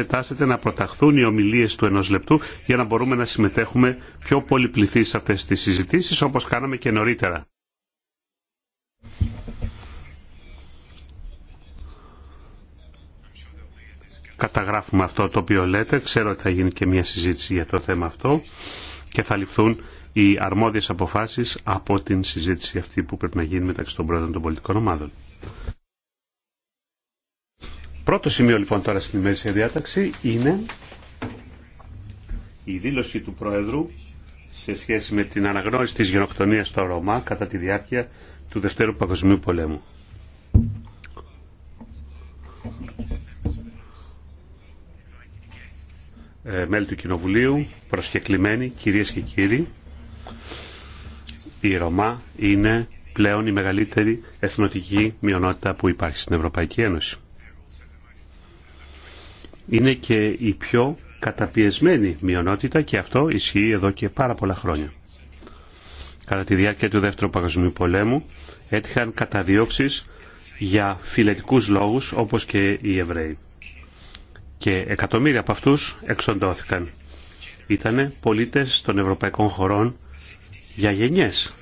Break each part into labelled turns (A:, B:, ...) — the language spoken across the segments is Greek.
A: εξετάσετε να προταχθούν οι ομιλίες του ενός λεπτού για να μπορούμε να συμμετέχουμε πιο πολυπληθεί σε αυτές τις συζητήσεις όπως κάναμε και νωρίτερα. Καταγράφουμε αυτό το οποίο λέτε. Ξέρω ότι θα γίνει και μια συζήτηση για το θέμα αυτό και θα ληφθούν οι αρμόδιες αποφάσεις από την συζήτηση αυτή που πρέπει να γίνει μεταξύ των πρόεδρων των πολιτικών ομάδων. Πρώτο σημείο λοιπόν τώρα στην ημερήσια διάταξη είναι η δήλωση του Προέδρου σε σχέση με την αναγνώριση της γενοκτονίας στο Ρωμά κατά τη διάρκεια του Δευτέρου Παγκοσμίου Πολέμου. Ε, μέλη του Κοινοβουλίου, προσκεκλημένοι, κυρίες και κύριοι, η Ρωμά είναι πλέον η μεγαλύτερη εθνοτική μειονότητα που υπάρχει στην Ευρωπαϊκή Ένωση είναι και η πιο καταπιεσμένη μειονότητα και αυτό ισχύει εδώ και πάρα πολλά χρόνια. Κατά τη διάρκεια του Δεύτερου Παγκοσμίου Πολέμου έτυχαν καταδίωξεις για φιλετικούς λόγους όπως και οι Εβραίοι. Και εκατομμύρια από αυτούς εξοντώθηκαν. Ήτανε πολίτες των ευρωπαϊκών χωρών για γενιές.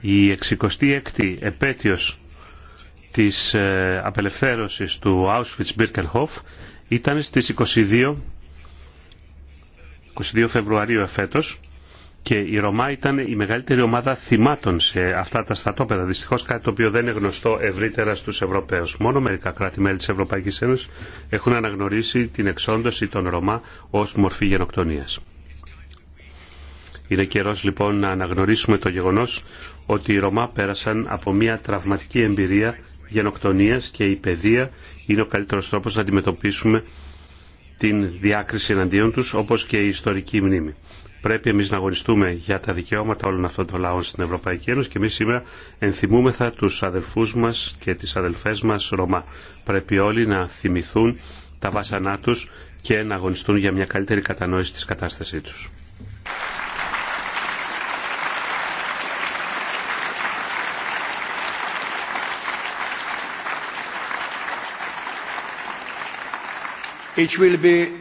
A: Η 66η επέτειος της ε, απελευθέρωσης του Auschwitz-Birkenhof ήταν στις 22, 22 Φεβρουαρίου εφέτος και η Ρωμά ήταν η μεγαλύτερη ομάδα θυμάτων σε αυτά τα στατόπεδα. Δυστυχώ κάτι το οποίο δεν είναι γνωστό ευρύτερα στου Ευρωπαίου. Μόνο μερικά κράτη-μέλη τη Ευρωπαϊκή Ένωση έχουν αναγνωρίσει την εξόντωση των Ρωμά ω μορφή γενοκτονία. Είναι καιρό λοιπόν να αναγνωρίσουμε το γεγονό ότι οι Ρωμά πέρασαν από μια τραυματική εμπειρία γενοκτονίας και η παιδεία είναι ο καλύτερος τρόπος να αντιμετωπίσουμε την διάκριση εναντίον τους όπως και η ιστορική μνήμη. Πρέπει εμείς να αγωνιστούμε για τα δικαιώματα όλων αυτών των λαών στην Ευρωπαϊκή Ένωση και εμείς σήμερα ενθυμούμεθα τους αδελφούς μας και τις αδελφές μας Ρωμά. Πρέπει όλοι να θυμηθούν τα βάσανά τους και να αγωνιστούν για μια καλύτερη κατανόηση της κατάστασής τους.
B: It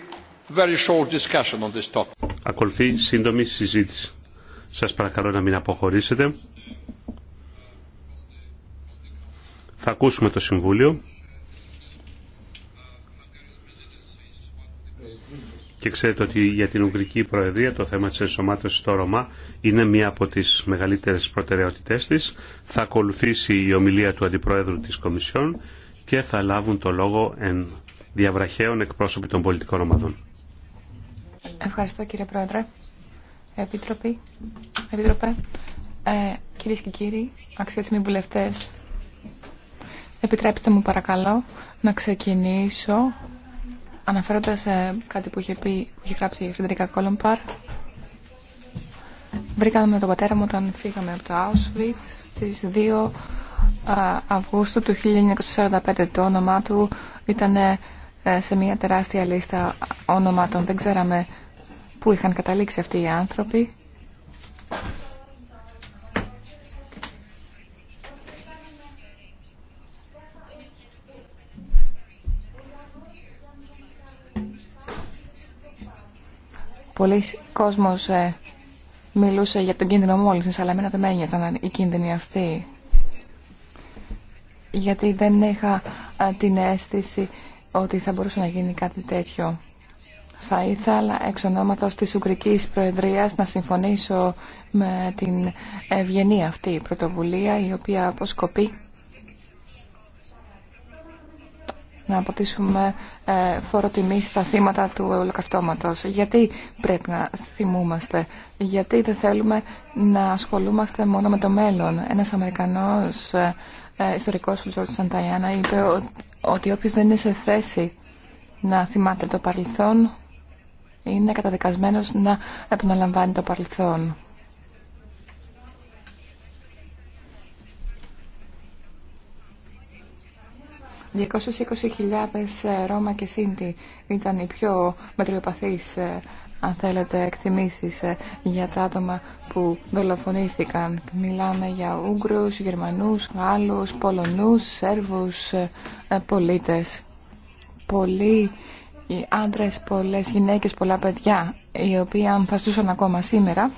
A: Ακολουθεί σύντομη συζήτηση. Σας παρακαλώ να μην αποχωρήσετε. Θα ακούσουμε το Συμβούλιο. Και ξέρετε ότι για την Ουγγρική Προεδρία το θέμα της ενσωμάτωσης στο Ρωμά είναι μία από τις μεγαλύτερες προτεραιότητές της. Θα ακολουθήσει η ομιλία του Αντιπρόεδρου της Κομισιόν και θα λάβουν το λόγο εν διαβραχαίων εκπρόσωποι των πολιτικών ομάδων.
C: Ευχαριστώ κύριε Πρόεδρε. Επίτροποι, Επίτροπε, ε, κυρίες και κύριοι, αξιότιμοι βουλευτές, επιτρέψτε μου παρακαλώ να ξεκινήσω αναφέροντας ε, κάτι που είχε, πει, που είχε γράψει η Φρεντερικά Κόλομπαρ. Βρήκαμε τον πατέρα μου όταν φύγαμε από το Auschwitz στις 2 ε, Αυγούστου του 1945. Το όνομά του ήταν ε, ε, σε μια τεράστια λίστα ονομάτων. Δεν ξέραμε πού είχαν καταλήξει αυτοί οι άνθρωποι. Πολλοί κόσμος ε, μιλούσε για τον κίνδυνο μόλις, αλλά εμένα δεν με ένιωσαν οι κίνδυνοι αυτοί. Γιατί δεν είχα ε, την αίσθηση ότι θα μπορούσε να γίνει κάτι τέτοιο. Θα ήθελα εξ ονόματος της Ουγγρικής Προεδρίας να συμφωνήσω με την ευγενή αυτή πρωτοβουλία η οποία αποσκοπεί να αποτίσουμε ε, φόρο τιμή στα θύματα του ολοκαυτώματος. Γιατί πρέπει να θυμούμαστε, γιατί δεν θέλουμε να ασχολούμαστε μόνο με το μέλλον. Ένας Αμερικανός ε, ε, ιστορικός, ο Τζορτ Σανταϊάννα, είπε ότι όποιος δεν είναι σε θέση να θυμάται το παρελθόν, είναι καταδικασμένος να επαναλαμβάνει το παρελθόν. 220.000 ε, Ρώμα και Σύντι ήταν οι πιο μετριοπαθείς ε, αν θέλετε εκτιμήσεις ε, για τα άτομα που δολοφονήθηκαν. Μιλάμε για Ούγγρους, Γερμανούς, Γάλλους, Πολωνούς, Σέρβους, πολίτες. Πολλοί οι άντρες, πολλές γυναίκες, πολλά παιδιά, οι οποίοι αν θα ακόμα σήμερα,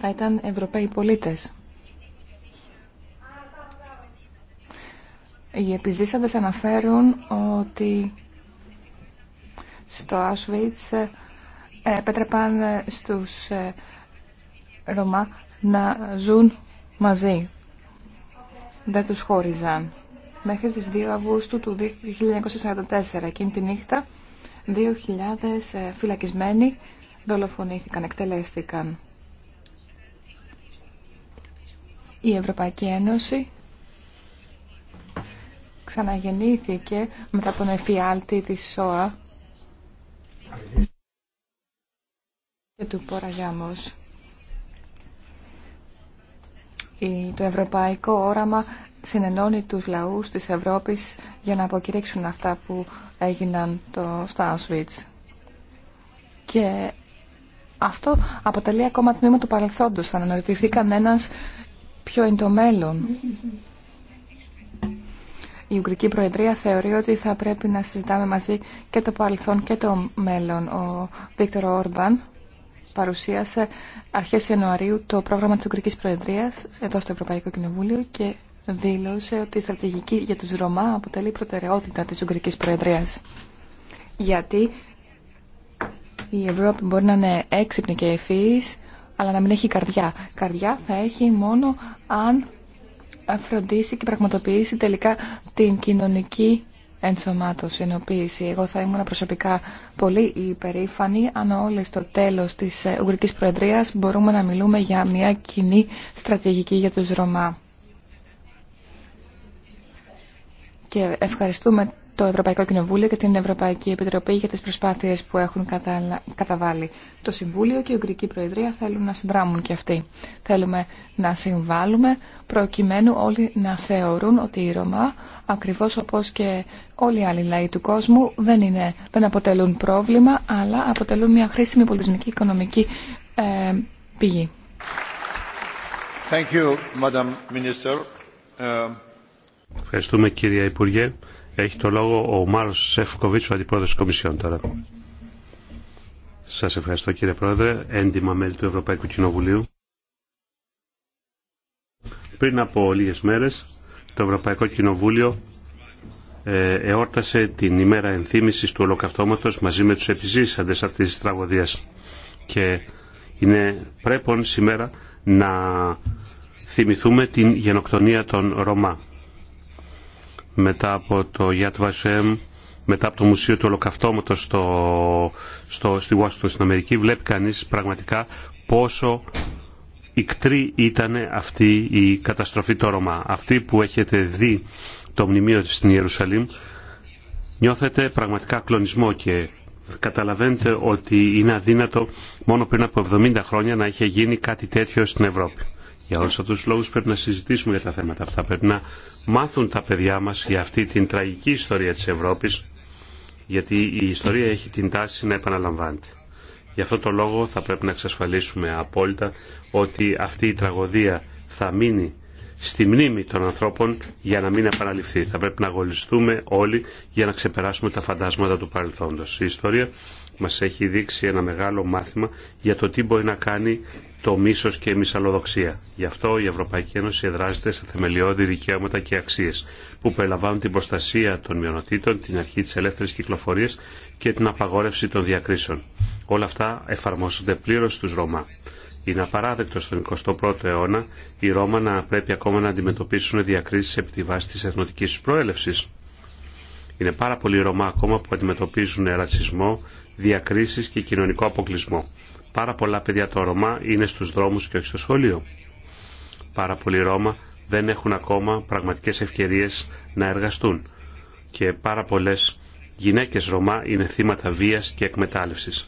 C: θα ήταν Ευρωπαίοι πολίτες. Οι επιζήσαντες αναφέρουν ότι στο Auschwitz ε, επέτρεπαν στους ε, Ρωμά να ζουν μαζί. Δεν τους χώριζαν. Μέχρι τις 2 Αυγούστου του 1944, εκείνη τη νύχτα, 2.000 ε, φυλακισμένοι δολοφονήθηκαν, εκτελέστηκαν. Η Ευρωπαϊκή Ένωση ξαναγεννήθηκε μετά τον εφιάλτη της ΣΟΑ και του Ποραγιάμος. Το ευρωπαϊκό όραμα συνενώνει τους λαούς της Ευρώπης για να αποκηρύξουν αυτά που έγιναν το, στο Auschwitz. Και αυτό αποτελεί ακόμα τμήμα του παρελθόντος. Θα αναρωτηθεί κανένας πιο είναι το μέλλον. Η Ουγγρική Προεδρία θεωρεί ότι θα πρέπει να συζητάμε μαζί και το παρελθόν και το μέλλον. Ο Βίκτορ Όρμπαν παρουσίασε αρχές Ιανουαρίου το πρόγραμμα της Ουγγρικής Προεδρίας εδώ στο Ευρωπαϊκό Κοινοβούλιο και δήλωσε ότι η στρατηγική για τους Ρωμά αποτελεί προτεραιότητα της Ουγγρικής Προεδρίας. Γιατί η Ευρώπη μπορεί να είναι έξυπνη και ευφύης, αλλά να μην έχει καρδιά. Καρδιά θα έχει μόνο αν φροντίσει και πραγματοποιήσει τελικά την κοινωνική ενσωμάτωση, ενοποίηση. Εγώ θα ήμουν προσωπικά πολύ υπερήφανη αν όλοι στο τέλος της ε, Ουγγρικής Προεδρίας μπορούμε να μιλούμε για μια κοινή στρατηγική για τους Ρωμά. Και ευχαριστούμε το Ευρωπαϊκό Κοινοβούλιο και την Ευρωπαϊκή Επιτροπή για τις προσπάθειες που έχουν καταβάλει. Το Συμβούλιο και η Ουγγρική Προεδρία θέλουν να συνδράμουν και αυτοί. Θέλουμε να συμβάλλουμε προκειμένου όλοι να θεωρούν ότι η Ρωμά, ακριβώς όπως και όλοι οι άλλοι λαοί του κόσμου, δεν, είναι, δεν αποτελούν πρόβλημα, αλλά αποτελούν μια χρήσιμη πολιτισμική οικονομική ε, πηγή.
B: Thank you, Madam Minister. Ε,
A: Ευχαριστούμε κύριε Υπουργέ. Έχει το λόγο ο Μάρος Σεφκοβίτς, ο Αντιπρόεδρος της Κομισιόν τώρα. Σας ευχαριστώ κύριε Πρόεδρε, έντιμα μέλη του Ευρωπαϊκού Κοινοβουλίου. Πριν από λίγες μέρες, το Ευρωπαϊκό Κοινοβούλιο ε, εόρτασε την ημέρα ενθύμησης του ολοκαυτώματος μαζί με τους επιζήσαντες αυτής της τραγωδίας. Και είναι πρέπον σήμερα να θυμηθούμε την γενοκτονία των Ρωμά μετά από το Yad Vashem, μετά από το Μουσείο του Ολοκαυτώματος στο, στο, στη Washington στην Αμερική, βλέπει κανείς πραγματικά πόσο ικτρή ήταν αυτή η καταστροφή το Ρωμά. Αυτή που έχετε δει το μνημείο στην Ιερουσαλήμ, νιώθετε πραγματικά κλονισμό και καταλαβαίνετε ότι είναι αδύνατο μόνο πριν από 70 χρόνια να είχε γίνει κάτι τέτοιο στην Ευρώπη. Για όλους αυτούς τους λόγους πρέπει να συζητήσουμε για τα θέματα αυτά. Πρέπει μάθουν τα παιδιά μας για αυτή την τραγική ιστορία της Ευρώπης, γιατί η ιστορία έχει την τάση να επαναλαμβάνεται. Γι' αυτό το λόγο θα πρέπει να εξασφαλίσουμε απόλυτα ότι αυτή η τραγωδία θα μείνει στη μνήμη των ανθρώπων για να μην επαναληφθεί. Θα πρέπει να αγωνιστούμε όλοι για να ξεπεράσουμε τα φαντάσματα του παρελθόντος. Η ιστορία μας έχει δείξει ένα μεγάλο μάθημα για το τι μπορεί να κάνει το μίσος και η μυσαλλοδοξία. Γι' αυτό η Ευρωπαϊκή Ένωση εδράζεται σε θεμελιώδη δικαιώματα και αξίες που περιλαμβάνουν την προστασία των μειονοτήτων, την αρχή της ελεύθερης κυκλοφορίας και την απαγόρευση των διακρίσεων. Όλα αυτά εφαρμόζονται πλήρως στους Ρωμά. Είναι απαράδεκτο στον 21ο αιώνα οι Ρώμα να πρέπει ακόμα να αντιμετωπίσουν διακρίσει επί τη βάση τη εθνοτική του προέλευση. Είναι πάρα πολλοί Ρωμά ακόμα που αντιμετωπίζουν ρατσισμό, διακρίσει και κοινωνικό αποκλεισμό. Πάρα πολλά παιδιά των Ρωμά είναι στου δρόμου και όχι στο σχολείο. Πάρα πολλοί Ρώμα δεν έχουν ακόμα πραγματικέ ευκαιρίε να εργαστούν και πάρα πολλέ γυναίκε Ρωμά είναι θύματα βία και εκμετάλλευση.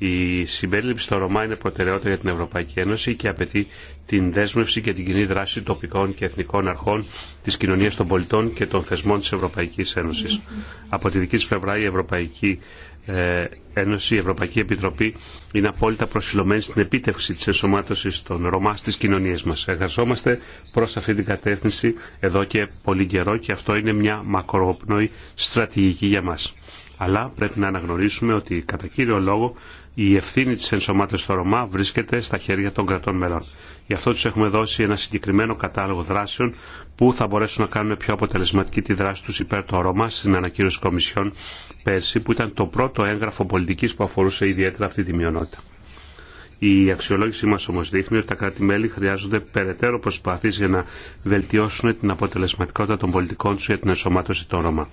A: Η συμπέριληψη στο Ρωμά είναι προτεραιότητα για την Ευρωπαϊκή Ένωση και απαιτεί την δέσμευση και την κοινή δράση τοπικών και εθνικών αρχών τη κοινωνία των πολιτών και των θεσμών τη Ευρωπαϊκή Ένωση. Από τη δική τη πλευρά, η Ευρωπαϊκή ε, Ένωση, η Ευρωπαϊκή Επιτροπή είναι απόλυτα προσιλωμένη στην επίτευξη τη ενσωμάτωση των Ρωμά στι κοινωνίε μα. Εργαζόμαστε προ αυτή την κατεύθυνση εδώ και πολύ καιρό και αυτό είναι μια μακροπνοή στρατηγική για μα. Αλλά πρέπει να αναγνωρίσουμε ότι κατά κύριο λόγο η ευθύνη της ενσωμάτωσης στο Ρωμά βρίσκεται στα χέρια των κρατών μελών. Γι' αυτό τους έχουμε δώσει ένα συγκεκριμένο κατάλογο δράσεων που θα μπορέσουν να κάνουν πιο αποτελεσματική τη δράση τους υπέρ των Ρωμά στην ανακοίνωση Κομισιόν πέρσι που ήταν το πρώτο έγγραφο πολιτικής που αφορούσε ιδιαίτερα αυτή τη μειονότητα. Η αξιολόγησή μας όμως δείχνει ότι τα κράτη-μέλη χρειάζονται περαιτέρω προσπάθειες για να βελτιώσουν την αποτελεσματικότητα των πολιτικών τους για την ενσωμάτωση των Ρωμά.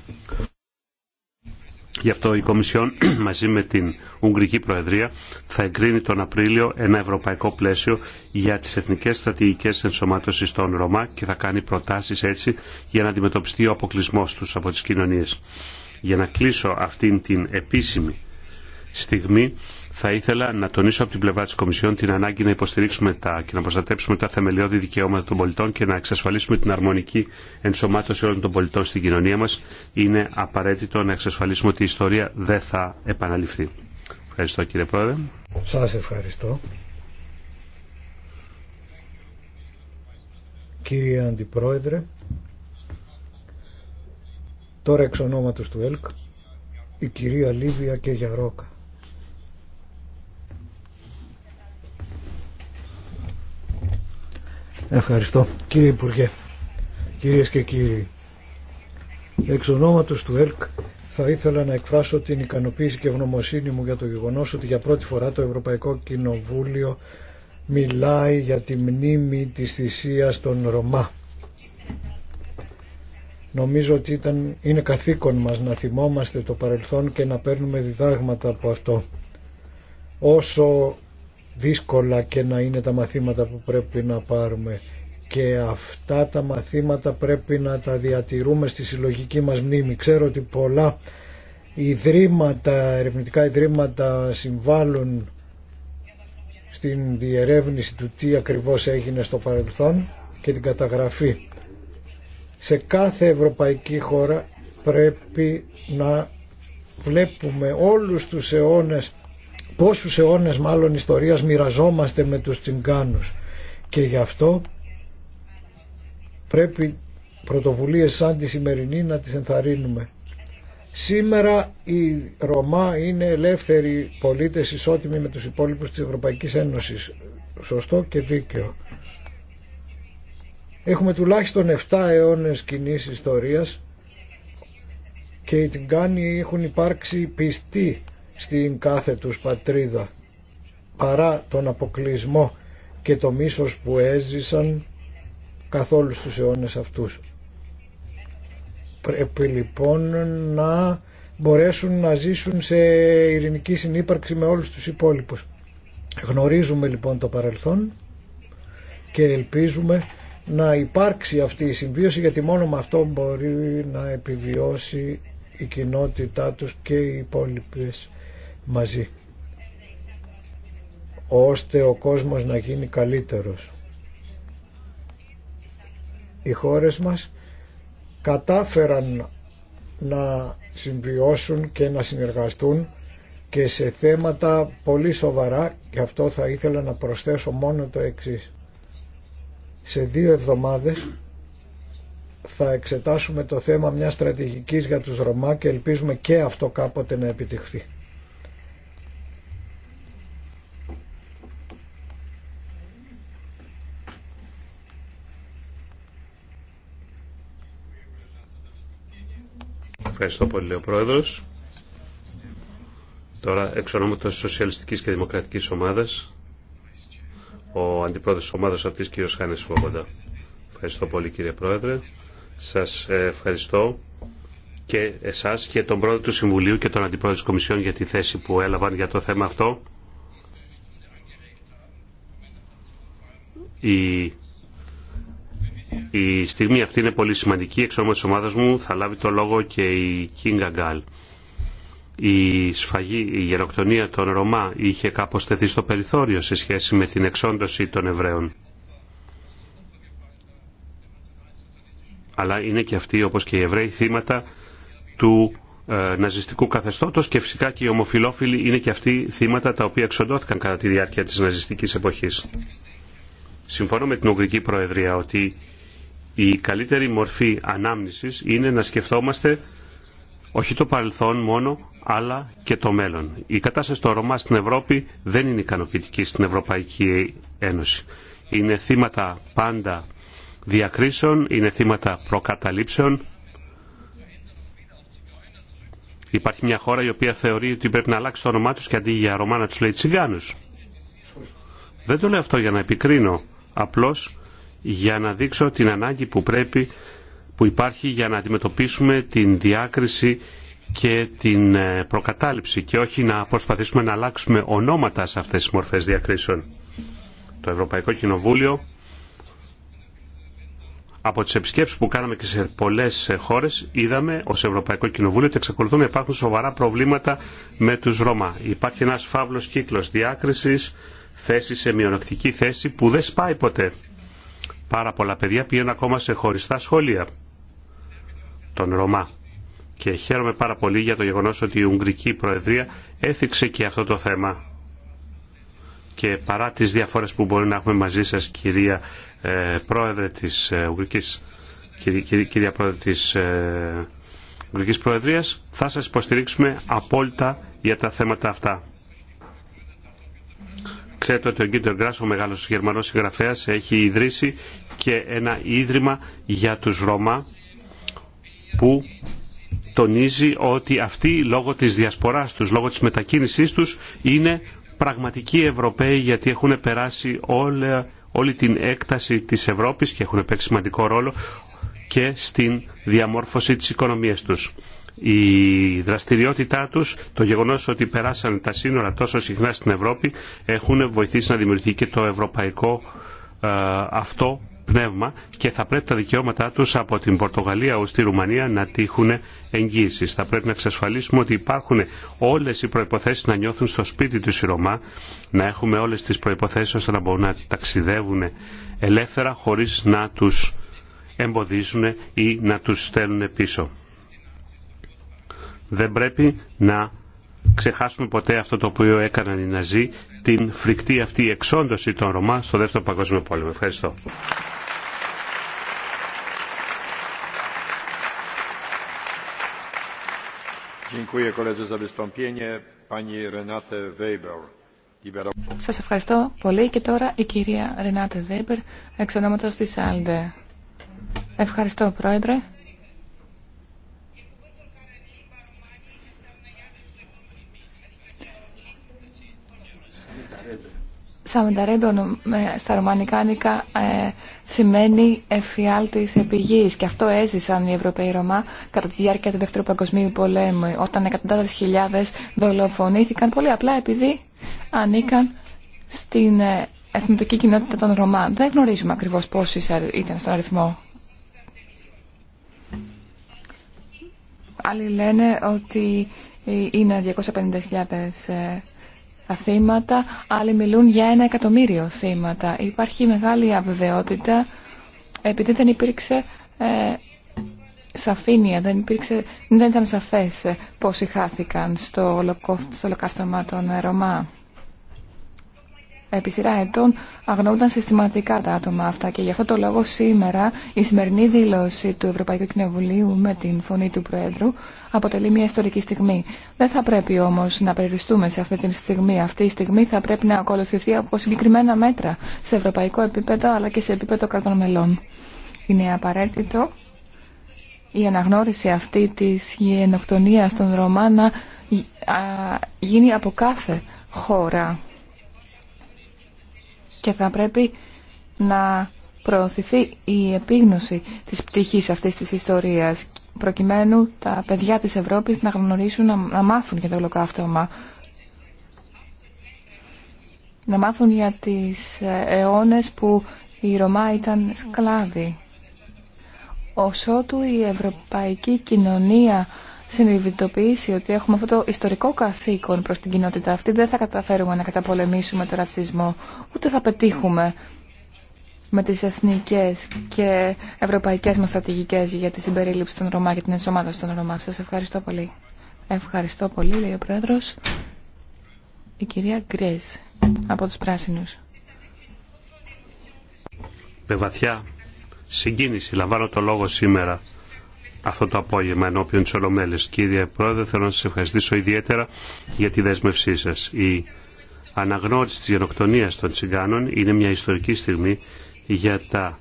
A: Γι' αυτό η Κομισιόν μαζί με την Ουγγρική Προεδρία θα εγκρίνει τον Απρίλιο ένα ευρωπαϊκό πλαίσιο για τις εθνικές στρατηγικές ενσωμάτωσης των Ρωμά και θα κάνει προτάσεις έτσι για να αντιμετωπιστεί ο αποκλεισμό τους από τις κοινωνίες. Για να κλείσω αυτήν την επίσημη στιγμή θα ήθελα να τονίσω από την πλευρά της Κομισιόν την ανάγκη να υποστηρίξουμε τα, και να προστατέψουμε τα θεμελιώδη δικαιώματα των πολιτών και να εξασφαλίσουμε την αρμονική ενσωμάτωση όλων των πολιτών στην κοινωνία μας. Είναι απαραίτητο να εξασφαλίσουμε ότι η ιστορία δεν θα επαναληφθεί. Ευχαριστώ κύριε Πρόεδρε.
B: Σας ευχαριστώ. Κύριε Αντιπρόεδρε, τώρα εξ του ΕΛΚ, η κυρία Λίβια και Γιαρόκα. Ευχαριστώ κύριε Υπουργέ, κυρίες και κύριοι. Εξ ονόματος του ΕΛΚ θα ήθελα να εκφράσω την ικανοποίηση και ευγνωμοσύνη μου για το γεγονός ότι για πρώτη φορά το Ευρωπαϊκό Κοινοβούλιο μιλάει για τη μνήμη της θυσίας των Ρωμά. Νομίζω ότι ήταν, είναι καθήκον μας να θυμόμαστε το παρελθόν και να παίρνουμε διδάγματα από αυτό. Όσο δύσκολα και να είναι τα μαθήματα που πρέπει να πάρουμε και αυτά τα μαθήματα πρέπει να τα διατηρούμε στη συλλογική μας μνήμη. Ξέρω ότι πολλά ιδρύματα, ερευνητικά ιδρύματα συμβάλλουν στην διερεύνηση του τι ακριβώς έγινε στο παρελθόν και την καταγραφή. Σε κάθε ευρωπαϊκή χώρα πρέπει να βλέπουμε όλους τους αιώνες πόσους αιώνες μάλλον ιστορίας μοιραζόμαστε με τους τσιγκάνους και γι' αυτό πρέπει πρωτοβουλίες σαν τη σημερινή να τις ενθαρρύνουμε. Σήμερα η Ρωμά είναι ελεύθεροι πολίτες ισότιμοι με τους υπόλοιπους της Ευρωπαϊκής Ένωσης. Σωστό και δίκαιο. Έχουμε τουλάχιστον 7 αιώνες κοινή ιστορίας και οι Τιγκάνοι έχουν υπάρξει πιστοί στην κάθε τους πατρίδα παρά τον αποκλεισμό και το μίσος που έζησαν καθόλου στους αιώνες αυτούς. Πρέπει λοιπόν να μπορέσουν να ζήσουν σε ειρηνική συνύπαρξη με όλους τους υπόλοιπους. Γνωρίζουμε λοιπόν το παρελθόν και ελπίζουμε να υπάρξει αυτή η συμβίωση γιατί μόνο με αυτό μπορεί να επιβιώσει η κοινότητά τους και οι υπόλοιπες μαζί ώστε ο κόσμος να γίνει καλύτερος. Οι χώρες μας κατάφεραν να συμβιώσουν και να συνεργαστούν και σε θέματα πολύ σοβαρά και αυτό θα ήθελα να προσθέσω μόνο το εξής. Σε δύο εβδομάδες θα εξετάσουμε το θέμα μιας στρατηγικής για τους Ρωμά και ελπίζουμε και αυτό κάποτε να επιτυχθεί.
A: Ευχαριστώ πολύ, ο πρόεδρο. Τώρα, εξ τη Σοσιαλιστικής και δημοκρατική Ομάδας, ο Αντιπρόεδρος της Ομάδας αυτής, κ. Χάνε Φόβοντα. Ευχαριστώ πολύ, κύριε Πρόεδρε. Σας ε, ευχαριστώ και εσάς και τον Πρόεδρο του Συμβουλίου και τον Αντιπρόεδρο της Κομισιόν για τη θέση που έλαβαν για το θέμα αυτό. Η στιγμή αυτή είναι πολύ σημαντική. Εξ όμως της ομάδας μου θα λάβει το λόγο και η Κίνγκα Γκάλ. Η σφαγή, η γεροκτονία των Ρωμά είχε κάπως τεθεί στο περιθώριο σε σχέση με την εξόντωση των Εβραίων. Αλλά είναι και αυτοί όπως και οι Εβραίοι θύματα του ε, ναζιστικού καθεστώτος και φυσικά και οι ομοφιλόφιλοι είναι και αυτοί θύματα τα οποία εξοντώθηκαν κατά τη διάρκεια της ναζιστικής εποχής. Συμφωνώ με την Ουγγρική Προεδρία ότι η καλύτερη μορφή ανάμνησης είναι να σκεφτόμαστε όχι το παρελθόν μόνο, αλλά και το μέλλον. Η κατάσταση των Ρωμά στην Ευρώπη δεν είναι ικανοποιητική στην Ευρωπαϊκή Ένωση. Είναι θύματα πάντα διακρίσεων, είναι θύματα προκαταλήψεων. Υπάρχει μια χώρα η οποία θεωρεί ότι πρέπει να αλλάξει το όνομά του και αντί για Ρωμά να του λέει Τσιγκάνου. Δεν το λέω αυτό για να επικρίνω. Απλώς για να δείξω την ανάγκη που πρέπει που υπάρχει για να αντιμετωπίσουμε την διάκριση και την ε, προκατάληψη και όχι να προσπαθήσουμε να αλλάξουμε ονόματα σε αυτές τις μορφές διακρίσεων. Το Ευρωπαϊκό Κοινοβούλιο από τις επισκέψεις που κάναμε και σε πολλές ε, χώρες είδαμε ως Ευρωπαϊκό Κοινοβούλιο ότι εξακολουθούν να υπάρχουν σοβαρά προβλήματα με τους Ρώμα. Υπάρχει ένας φαύλος κύκλος διάκρισης, θέση σε μειονεκτική θέση που δεν σπάει ποτέ. Πάρα πολλά παιδιά πηγαίνουν ακόμα σε χωριστά σχολεία των Ρωμά. Και χαίρομαι πάρα πολύ για το γεγονός ότι η Ουγγρική Προεδρία έθιξε και αυτό το θέμα. Και παρά τις διαφορές που μπορεί να έχουμε μαζί σας, κυρία ε, Πρόεδρε της ε, Ουγγρικής, κυρία, ε, Ουγγρικής Προεδρίας, θα σας υποστηρίξουμε απόλυτα για τα θέματα αυτά. Ξέρετε ότι ο Γκίντερ Γκράσ, ο μεγάλος γερμανός συγγραφέας, έχει ιδρύσει και ένα ίδρυμα για τους Ρώμα που τονίζει ότι αυτοί λόγω της διασποράς τους, λόγω της μετακίνησής τους είναι πραγματικοί Ευρωπαίοι γιατί έχουν περάσει όλη, όλη την έκταση της Ευρώπης και έχουν παίξει σημαντικό ρόλο και στην διαμόρφωση της οικονομίας τους η δραστηριότητά τους, το γεγονός ότι περάσαν τα σύνορα τόσο συχνά στην Ευρώπη έχουν βοηθήσει να δημιουργηθεί και το ευρωπαϊκό ε, αυτό πνεύμα και θα πρέπει τα δικαιώματά τους από την Πορτογαλία ως τη Ρουμανία να τύχουν εγγύησης. Θα πρέπει να εξασφαλίσουμε ότι υπάρχουν όλες οι προϋποθέσεις να νιώθουν στο σπίτι του οι Ρωμά, να έχουμε όλες τις προϋποθέσεις ώστε να μπορούν να ταξιδεύουν ελεύθερα χωρίς να τους εμποδίζουν ή να τους στέλνουν πίσω. Δεν πρέπει να ξεχάσουμε ποτέ αυτό το οποίο έκαναν οι Ναζί, την φρικτή αυτή εξόντωση των Ρωμά στο Δεύτερο Παγκόσμιο Πόλεμο. Ευχαριστώ.
C: Σας ευχαριστώ πολύ και τώρα η κυρία Ρενάτε Βέιμπερ εξ ονόματος της Άλντε. Ευχαριστώ Πρόεδρε. Σαμενταρέμπεον ε, στα ρωμανικά ε, σημαίνει εφιάλτης επιγής και αυτό έζησαν οι Ευρωπαίοι Ρωμά κατά τη διάρκεια του Δεύτερου Παγκοσμίου Πολέμου όταν εκατοντάδες χιλιάδες δολοφονήθηκαν πολύ απλά επειδή ανήκαν στην ε, εθνοτική κοινότητα των Ρωμά. Δεν γνωρίζουμε ακριβώς πόσοι ήταν στον αριθμό. Άλλοι λένε ότι ε, είναι 250.000 τα θύματα, άλλοι μιλούν για ένα εκατομμύριο θύματα. Υπάρχει μεγάλη αβεβαιότητα επειδή δεν υπήρξε ε, σαφήνεια, δεν, υπήρξε, δεν ήταν σαφές πόσοι χάθηκαν στο ολοκαύτωμα των Ρωμά επί σειρά ετών αγνοούνταν συστηματικά τα άτομα αυτά και γι' αυτό το λόγο σήμερα η σημερινή δήλωση του Ευρωπαϊκού Κοινοβουλίου με την φωνή του Προέδρου αποτελεί μια ιστορική στιγμή. Δεν θα πρέπει όμως να περιοριστούμε σε αυτή τη στιγμή. Αυτή η στιγμή θα πρέπει να ακολουθηθεί από συγκεκριμένα μέτρα σε ευρωπαϊκό επίπεδο αλλά και σε επίπεδο κρατών μελών. Είναι απαραίτητο η αναγνώριση αυτή της γενοκτονίας των Ρωμά γίνει από κάθε χώρα και θα πρέπει να προωθηθεί η επίγνωση της πτυχής αυτής της ιστορίας προκειμένου τα παιδιά της Ευρώπης να γνωρίσουν, να, μάθουν για το ολοκαύτωμα να μάθουν για τις ε, αιώνες που οι Ρωμά ήταν σκλάβοι. Όσο του η ευρωπαϊκή κοινωνία συνειδητοποιήσει ότι έχουμε αυτό το ιστορικό καθήκον προς την κοινότητα αυτή, δεν θα καταφέρουμε να καταπολεμήσουμε το ρατσισμό, ούτε θα πετύχουμε με τις εθνικές και ευρωπαϊκές μας στρατηγικές για τη συμπερίληψη των Ρωμά και την ενσωμάτωση των Ρωμά. Σας ευχαριστώ πολύ. Ευχαριστώ πολύ, λέει ο Πρόεδρος. Η κυρία Γκρέζ από τους Πράσινους.
A: Με βαθιά συγκίνηση λαμβάνω το λόγο σήμερα αυτό το απόγευμα ενώπιον τη Ολομέλη. Κύριε Πρόεδρε, θέλω να σα ευχαριστήσω ιδιαίτερα για τη δέσμευσή σα. Η αναγνώριση τη γενοκτονία των Τσιγκάνων είναι μια ιστορική στιγμή για τα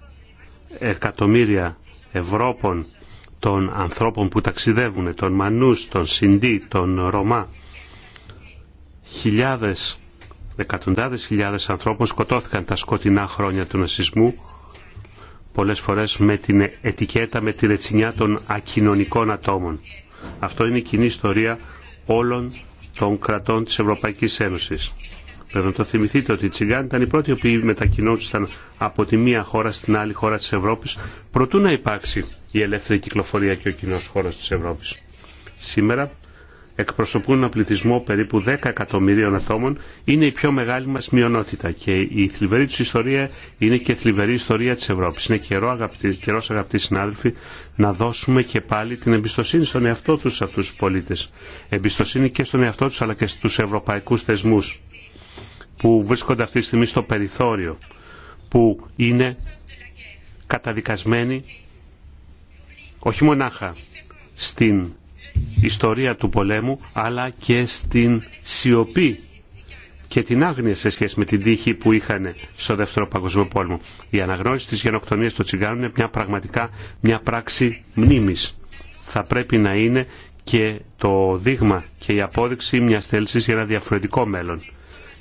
A: εκατομμύρια Ευρώπων των ανθρώπων που ταξιδεύουν, των Μανούς, των Σιντί, των Ρωμά. Χιλιάδες, εκατοντάδες χιλιάδες ανθρώπων σκοτώθηκαν τα σκοτεινά χρόνια του νασισμού πολλές φορές με την ετικέτα, με τη ρετσινιά των ακοινωνικών ατόμων. Αυτό είναι η κοινή ιστορία όλων των κρατών της Ευρωπαϊκής Ένωσης. Πρέπει να το θυμηθείτε ότι οι Τσιγκάνοι ήταν οι πρώτοι οι οποίοι από τη μία χώρα στην άλλη χώρα της Ευρώπης προτού να υπάρξει η ελεύθερη κυκλοφορία και ο κοινό χώρος της Ευρώπης. Σήμερα εκπροσωπούν ένα πληθυσμό περίπου 10 εκατομμυρίων ατόμων, είναι η πιο μεγάλη μας μειονότητα και η θλιβερή τους ιστορία είναι και θλιβερή ιστορία της Ευρώπης. Είναι καιρό, αγαπητοί, καιρός αγαπητοί συνάδελφοι να δώσουμε και πάλι την εμπιστοσύνη στον εαυτό τους σε αυτούς τους πολίτες. Εμπιστοσύνη και στον εαυτό τους αλλά και στους ευρωπαϊκούς θεσμούς που βρίσκονται αυτή τη στιγμή στο περιθώριο, που είναι καταδικασμένοι όχι μονάχα στην ιστορία του πολέμου αλλά και στην σιωπή και την άγνοια σε σχέση με την τύχη που είχαν στο Δεύτερο Παγκοσμίο Πόλεμο. Η αναγνώριση της γενοκτονίας των Τσιγκάνων είναι μια πραγματικά μια πράξη μνήμης. Θα πρέπει να είναι και το δείγμα και η απόδειξη μια θέληση για ένα διαφορετικό μέλλον.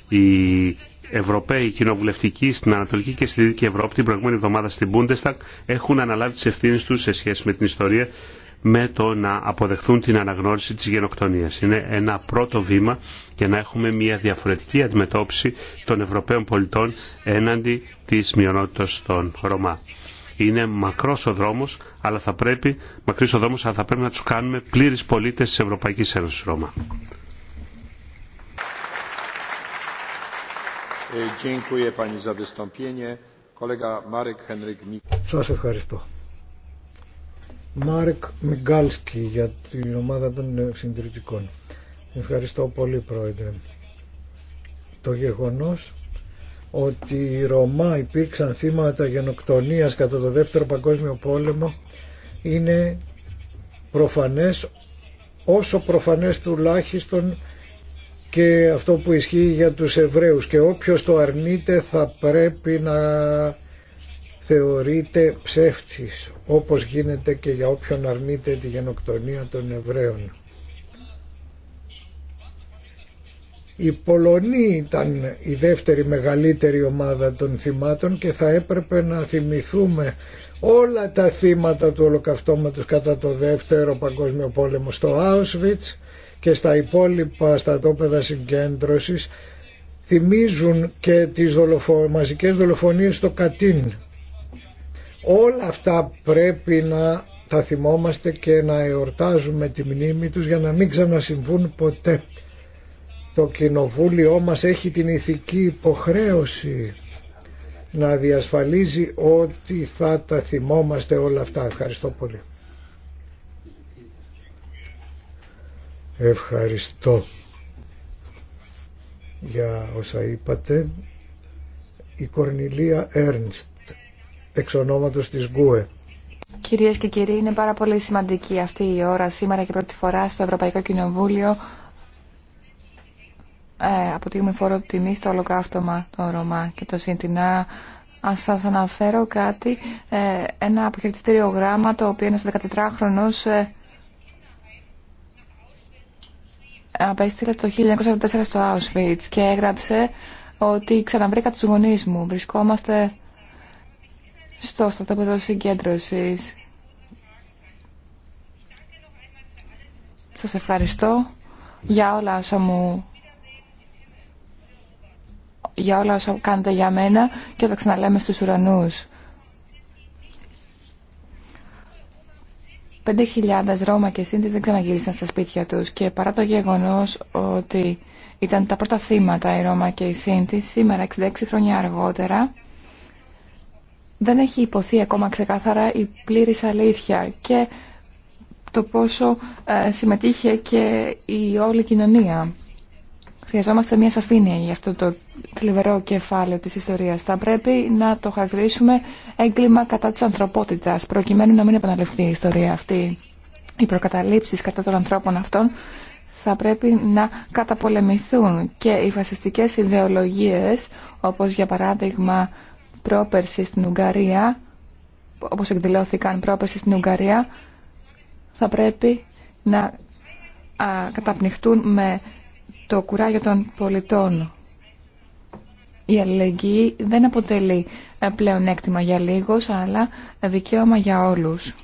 A: Οι Ευρωπαίοι κοινοβουλευτικοί στην Ανατολική και στη Δυτική Ευρώπη την προηγούμενη εβδομάδα στην Bundestag έχουν αναλάβει τι ευθύνε του σε σχέση με την ιστορία με το να αποδεχθούν την αναγνώριση της γενοκτονίας. Είναι ένα πρώτο βήμα για να έχουμε μια διαφορετική αντιμετώπιση των Ευρωπαίων πολιτών έναντι της μειονότητας των Ρωμά. Είναι μακρός ο δρόμος, αλλά θα πρέπει, μακρύς ο δρόμος, αλλά θα πρέπει να τους κάνουμε πλήρης πολίτες της Ευρωπαϊκής Ένωσης Ρώμα.
B: Ε, Σας ευχαριστώ. Μάρκ Μιγκάλσκι για την ομάδα των συντηρητικών. Ευχαριστώ πολύ πρόεδρε. Το γεγονός ότι οι Ρωμά υπήρξαν θύματα γενοκτονίας κατά το δεύτερο παγκόσμιο πόλεμο είναι προφανές όσο προφανές τουλάχιστον και αυτό που ισχύει για τους Εβραίους και όποιος το αρνείται θα πρέπει να θεωρείται ψεύτης όπως γίνεται και για όποιον αρνείται τη γενοκτονία των Εβραίων. Η Πολωνοί ήταν η δεύτερη μεγαλύτερη ομάδα των θυμάτων και θα έπρεπε να θυμηθούμε όλα τα θύματα του ολοκαυτώματος κατά το δεύτερο παγκόσμιο πόλεμο στο Auschwitz και στα υπόλοιπα στατόπεδα συγκέντρωσης θυμίζουν και τις δολοφο... μαζικές δολοφονίες στο Κατίν Όλα αυτά πρέπει να τα θυμόμαστε και να εορτάζουμε τη μνήμη τους για να μην ξανασυμβούν ποτέ. Το κοινοβούλιο μας έχει την ηθική υποχρέωση να διασφαλίζει ότι θα τα θυμόμαστε όλα αυτά. Ευχαριστώ πολύ. Ευχαριστώ για όσα είπατε. Η Κορνηλία Έρνστ εξ ονόματος της ΓΚΟΕ.
C: Κυρίες και κύριοι, είναι πάρα πολύ σημαντική αυτή η ώρα σήμερα και πρώτη φορά στο Ευρωπαϊκό Κοινοβούλιο ε, αποτείγουμε φόρο τιμή στο ολοκαύτωμα το Ρωμά και το Συντινά. Ας σα αναφέρω κάτι, ε, ένα αποχαιρετιστήριο γράμμα το οποιο ένα ένας 14χρονο ε, απέστειλε το 1944 στο Auschwitz και έγραψε ότι ξαναβρήκα του γονεί μου. Βρισκόμαστε στο στρατόπεδο συγκέντρωση. Σας ευχαριστώ για όλα όσα μου για όλα όσα κάνετε για μένα και τα ξαναλέμε στους ουρανούς. 5.000 Ρώμα και Σύντη δεν ξαναγύρισαν στα σπίτια τους και παρά το γεγονός ότι ήταν τα πρώτα θύματα η Ρώμα και η Σύντη, σήμερα 66 χρόνια αργότερα δεν έχει υποθεί ακόμα ξεκάθαρα η πλήρης αλήθεια και το πόσο ε, συμμετείχε και η όλη κοινωνία. Χρειαζόμαστε μια σαφήνεια για αυτό το θλιβερό κεφάλαιο της ιστορίας. Θα πρέπει να το χαρακτηρίσουμε έγκλημα κατά της ανθρωπότητας, προκειμένου να μην επαναληφθεί η ιστορία αυτή. Οι προκαταλήψεις κατά των ανθρώπων αυτών θα πρέπει να καταπολεμηθούν και οι φασιστικές ιδεολογίες, όπως για παράδειγμα πρόπερση στην Ουγγαρία, όπως εκδηλώθηκαν πρόπερση στην Ουγγαρία, θα πρέπει να καταπνιχτούν με το κουράγιο των πολιτών. Η αλληλεγγύη δεν αποτελεί ε, πλέον έκτημα για λίγους, αλλά δικαίωμα για όλους.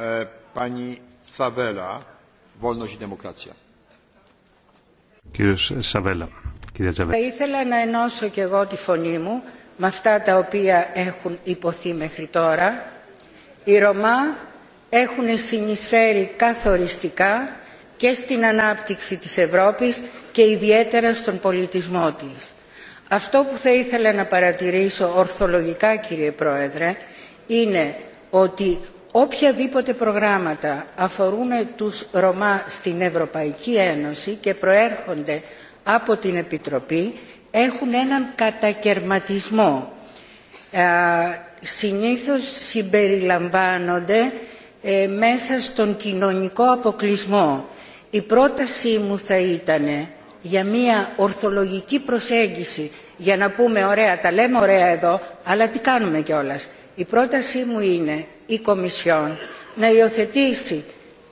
B: Ε, pani Σαβέλα, Wolność i Demokracja.
A: Θα
D: ήθελα να ενώσω κι εγώ τη φωνή μου με αυτά τα οποία έχουν υποθεί μέχρι τώρα. Οι Ρωμά έχουν συνεισφέρει καθοριστικά και στην ανάπτυξη της Ευρώπης και ιδιαίτερα στον πολιτισμό της. Αυτό που θα ήθελα να παρατηρήσω ορθολογικά κύριε Πρόεδρε είναι ότι οποιαδήποτε προγράμματα αφορούν τους Ρωμά στην Ευρωπαϊκή Ένωση και προέρχονται από την Επιτροπή έχουν έναν κατακαιρματισμό. Ε, συνήθως συμπεριλαμβάνονται ε, μέσα στον κοινωνικό αποκλεισμό. Η πρότασή μου θα ήταν για μια ορθολογική προσέγγιση για να πούμε ωραία τα λέμε ωραία εδώ αλλά τι κάνουμε κιόλας. Η πρότασή μου είναι η Κομισιόν να υιοθετήσει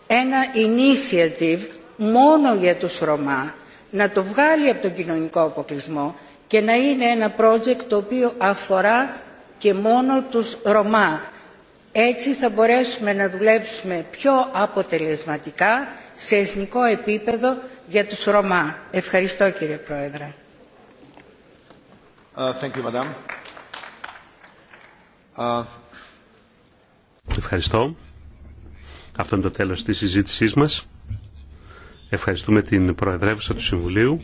D: ένα initiative μόνο για τους Ρωμά, να το βγάλει από τον κοινωνικό αποκλεισμό και να είναι ένα project το οποίο αφορά και μόνο τους Ρωμά. Έτσι θα μπορέσουμε να δουλέψουμε πιο αποτελεσματικά σε εθνικό επίπεδο για τους Ρωμά. Ευχαριστώ κύριε Πρόεδρε.
B: Uh,
A: uh Ευχαριστώ. Αυτό είναι το τέλος της συζήτησής μας. Ευχαριστούμε την Προεδρεύουσα του Συμβουλίου.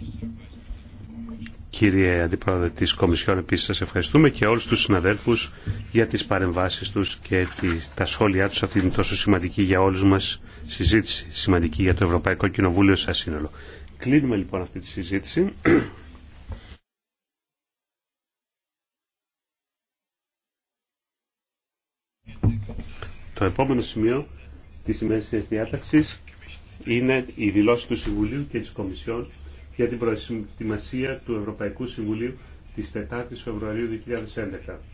A: Κύριε Αντιπρόεδρε της Κομισιόν, επίσης σας ευχαριστούμε και όλους τους συναδέλφους για τις παρεμβάσεις τους και τα σχόλιά τους αυτήν την τόσο σημαντική για όλους μας συζήτηση, σημαντική για το Ευρωπαϊκό Κοινοβούλιο σαν σύνολο. Κλείνουμε λοιπόν αυτή τη συζήτηση. Το επόμενο σημείο της σημερινής διάταξη είναι η δηλώση του Συμβουλίου και της Κομισιόν για την προετοιμασία του Ευρωπαϊκού Συμβουλίου τη 4 η Φεβρουαρίου 2011.